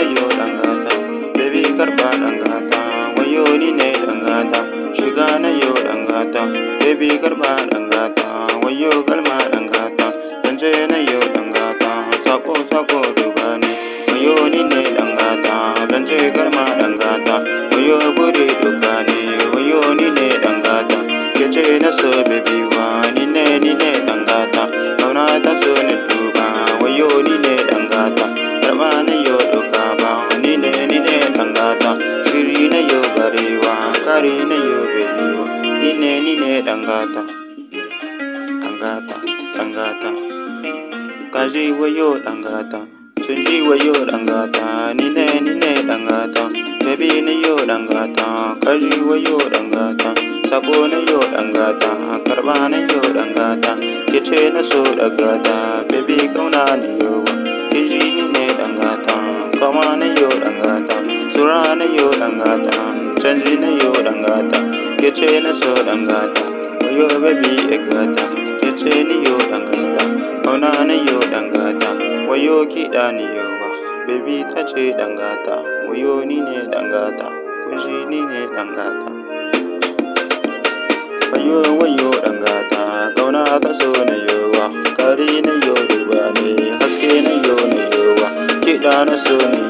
wayo dangata baby karba dangata wayo ni ne dangata shiga na yo dangata baby karba dangata wayo kalma dangata zance na yo dangata sako sako duba ne wayo ni ne dangata zance kalma dangata wayo buri duka wayo ni ne dangata kece na so baby wa ni ne ni ne dangata kauna ta so ni duba wayo ni ne dangata karba na yo karewa kare na yobe biwa nine nine dangata dangata dangata kaji yo dangata sunji yo dangata nine nine dangata baby na yo dangata kaji wayo dangata sabo na yo dangata karba na yo dangata kice na so dangata baby kauna na yo kiji ni ne dangata kama na yo dangata sura na yo dangata canji na yo dan gata ke ce na so dan gata wayo oyo baby e gata ke ce ni yo dan gata kauna na yo dan gata wayo kiɗa ni yo ba baby ta ce dan gata wayo ni ne dan gata kunji ni ne dan gata wayo wayo dan gata kauna ta so na yo ba kari na yo duba ne haske na yo ne yo ba kiɗa na so ne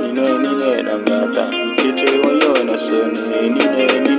Nene, Nene.